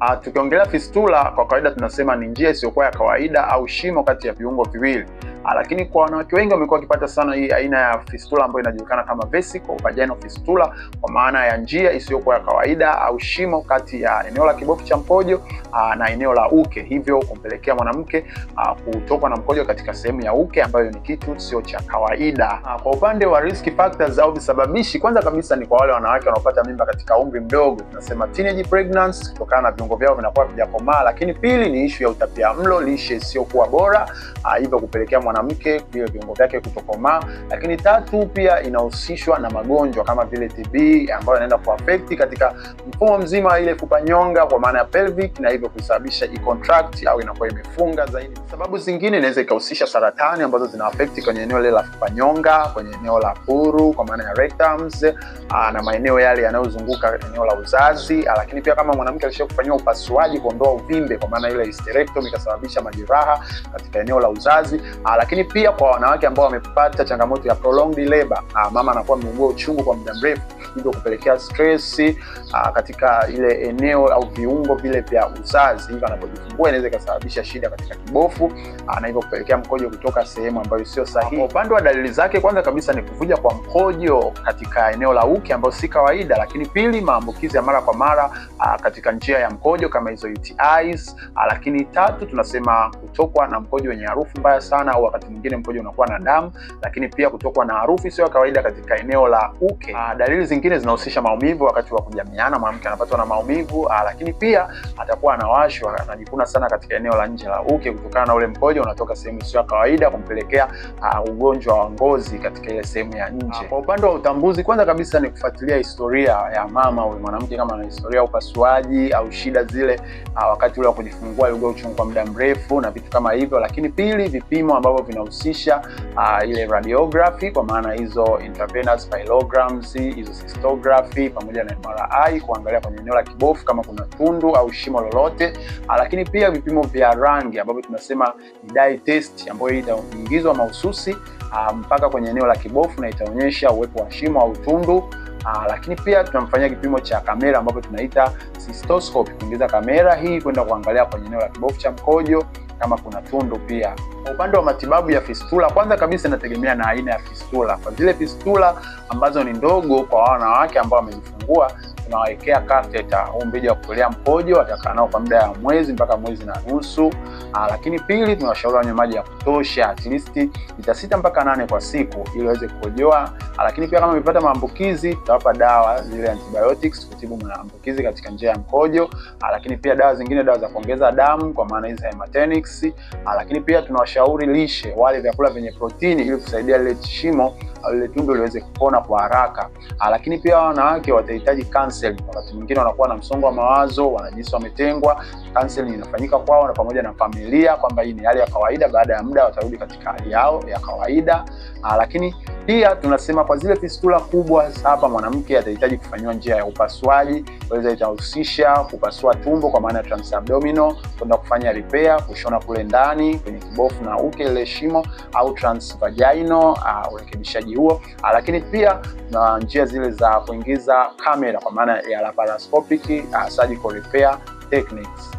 Uh, tukiongelea fistula kwa kawaida tunasema ni njia isiyokuwa ya kawaida au shimo kati ya viungo viwili. Ah, lakini kwa wanawake wengi wamekuwa wakipata sana hii aina ya fistula ambayo inajulikana kama vesico vaginal fistula, kwa maana ya njia isiyokuwa ya kawaida au shimo kati ya eneo la kibofu cha mkojo ah, na eneo la uke, hivyo kumpelekea mwanamke ah, kutokwa na mkojo katika sehemu ya uke, ambayo ni kitu sio cha kawaida. Kwa upande wa risk factors au visababishi, kwanza kabisa ni kwa wale wanawake wanaopata mimba katika umri mdogo, tunasema teenage pregnancy, kutokana na viungo vyao vinakuwa vijakomaa. Lakini pili ni ishu ya utapia mlo, lishe isiyokuwa bora, hivyo kupelekea mwanamke mwanamke pia viungo vyake kutokomaa, lakini tatu pia inahusishwa na magonjwa kama vile TB ambayo inaenda kuaffect katika mfumo mzima ile kupa nyonga kwa maana ya pelvic, na hivyo kusababisha i-contract au inakuwa imefunga zaidi. Sababu zingine inaweza ikahusisha saratani ambazo zina affect kwenye eneo lile la kupa nyonga, kwenye eneo la puru kwa maana ya rectums ah, na maeneo yale yanayozunguka eneo la uzazi, ah, lakini pia kama mwanamke alishakufanyiwa upasuaji kuondoa uvimbe kwa maana ile hysterectomy ikasababisha majeraha katika eneo la uzazi ah, lakini pia kwa wanawake ambao wamepata changamoto ya prolonged labor, uh, mama anakuwa ameugua uchungu kwa muda mrefu, hivyo kupelekea stress uh, katika ile eneo au viungo vile vya uzazi, hivyo anapojifungua inaweza ikasababisha shida katika kibofu uh, na hivyo kupelekea mkojo kutoka sehemu ambayo sio sahihi. upande wa dalili zake, kwanza kabisa ni kuvuja kwa mkojo katika eneo la uke ambayo si kawaida, lakini pili, maambukizi ya mara kwa mara uh, katika njia ya mkojo kama hizo UTIs, e uh, lakini tatu tunasema kutokwa na mkojo wenye harufu mbaya sana au wakati mwingine mkojo unakuwa na damu, lakini pia kutokwa na harufu sio kawaida katika eneo la uke. Aa, ah, dalili zingine zinahusisha maumivu wakati wa kujamiana, mwanamke anapatwa na maumivu aa, ah, lakini pia atakuwa anawashwa, anajikuna sana katika eneo la nje la uke kutokana na ule mkojo unatoka sehemu sio kawaida kumpelekea uh, ugonjwa wa ngozi katika ile sehemu ya nje. Kwa upande wa utambuzi, kwanza kabisa ni kufuatilia historia ya mama huyu mwanamke, kama ana historia upasuaji au shida zile uh, wakati ule wa kujifungua, alugua uchungu kwa muda mrefu na vitu kama hivyo, lakini pili, vipimo ambavyo ambavyo vinahusisha uh, ile radiography kwa maana hizo intravenous pyelograms, hizo cystography pamoja na MRI kuangalia kwenye eneo la kibofu kama kuna tundu au shimo lolote, ah, lakini pia vipimo vya rangi ambavyo tunasema ni dye test ambayo itaingizwa mahususi ah, mpaka kwenye eneo la kibofu na itaonyesha uwepo wa shimo au tundu. Aa, lakini pia tunamfanyia kipimo cha kamera ambapo tunaita cystoscope, kuingiza kamera hii kwenda kuangalia kwenye eneo la kibofu cha mkojo kama kuna tundu pia. Kwa upande wa matibabu ya fistula, kwanza kabisa inategemea na aina ya fistula. Kwa zile fistula ambazo ni ndogo kwa wanawake ambao wamejifungua tunawawekea katheta, huu mrija wa kutolea mkojo, watakaa nao kwa muda wa mwezi mpaka mwezi na nusu. Ah, lakini pili, tunawashauri wanywe maji ya kutosha, at least lita sita mpaka nane kwa siku, ili waweze kukojoa. Ah, lakini pia kama amepata maambukizi, tutawapa dawa zile antibiotics kutibu maambukizi katika njia ya mkojo, ah, lakini pia dawa zingine, dawa za kuongeza damu kwa maana hizi hematoenix. Lakini pia tunawashauri lishe, wale vyakula vyenye protini ili kusaidia lile shimo au lile tundu liweze kupona kwa haraka. Lakini pia wanawake watahitaji calcium counseling. Wakati mwingine wanakuwa na msongo wa mawazo, wanajisikia wametengwa, counseling inafanyika kwao na pamoja na familia, kwamba hii ni hali ya kawaida, baada ya muda watarudi katika hali yao ya kawaida. Aa, ah, lakini pia tunasema kwa zile fistula kubwa, hapa mwanamke atahitaji kufanyiwa njia ya upasuaji. Waweza itahusisha kupasua tumbo kwa maana ya transabdominal, kwenda kufanya repair, kushona kule ndani kwenye kibofu na uke ile shimo, au transvaginal, ah, urekebishaji huo. Ah, lakini pia na njia zile za kuingiza kamera kwa maana ya laparoscopic ah, surgical repair techniques.